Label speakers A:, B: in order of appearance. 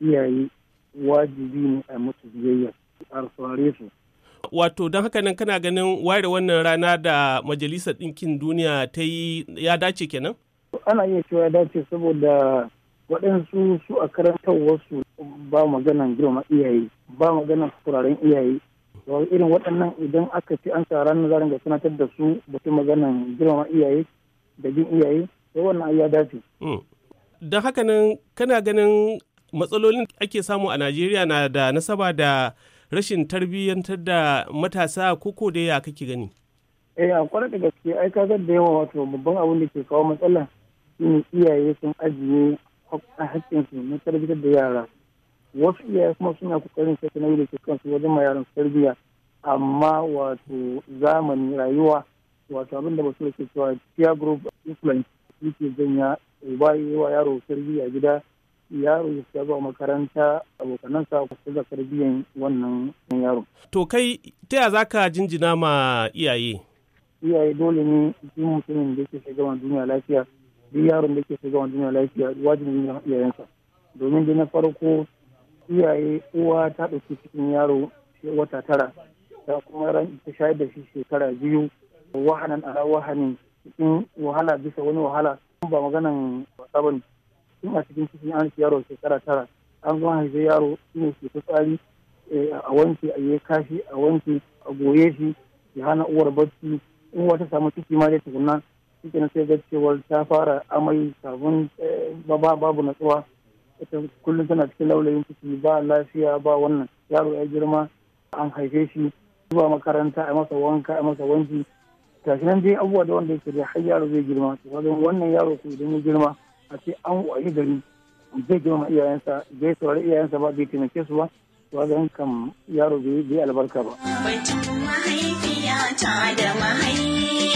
A: iyaye wajibi ne a musu biyayya a saurare su
B: wato don haka nan kana ganin ware wannan rana da majalisar ɗinkin duniya ta yi ya dace kenan?
A: ana iya cewa ya dace saboda waɗansu su a wasu ba maganan girma iyaye ba maganan turaren iyaye Wa irin waɗannan idan aka ci an sa ranar zarin ga sanatar da su batun maganan girma iyaye da jin iyaye sai wannan ya dace.
B: Hmm. don haka nan kana ganin matsalolin ake samu a najeriya na da nasaba da rashin tarbiyyantar da matasa koko da ya kake gani
A: eh a kwarar da gaske ai ka da yawa wato babban abin da ke kawo matsala shine iyaye sun ajiye haƙƙin su na tarbiyyar da yara wasu iyaye kuma suna kokarin sai na yi da ke kansu wajen ma yaran tarbiyya amma wato zamani rayuwa wato abin da basu ke cewa peer group influence yake janya ba yi wa yaro tarbiyya gida yaro ya shiga zuwa makaranta abokanansa ku shiga biyan wannan yaro.
B: To kai ta ya zaka jinjina ma iyaye?
A: Iyaye dole ne duk mutumin da ke shiga wani duniya lafiya duk yaron da ke shiga wani duniya lafiya wajibi ne iyayensa. Domin da na farko iyaye uwa ta ɗauki cikin yaro wata tara ta kuma ran ta shayar da shi shekara biyu wahanan ala wahanin cikin wahala bisa wani wahala ba maganan wasa tun a cikin cikin an yaro shekara tara an zo haife yaro ne ke fitsari eh, a wanke a yi kashi a wanke a goye shi ya hana uwar barci in wata samu ciki ma dai tukunna shi na sai ga cewar ta fara amai sabon eh, babu natsuwa ita kullum tana cikin laulayin ciki ba lafiya ba wannan yaro ya girma an haife shi zuwa makaranta a masa wanka a masa wanki shi nan dai abubuwa da wanda yake da har yaro zai girma to wannan yaro ko idan ya girma a ce an wayi gari zai ma iyayensa zai saurari iyayensa ba bai taimake su ba to ga kan yaro bai albarka ba.
B: mahaifiya ta da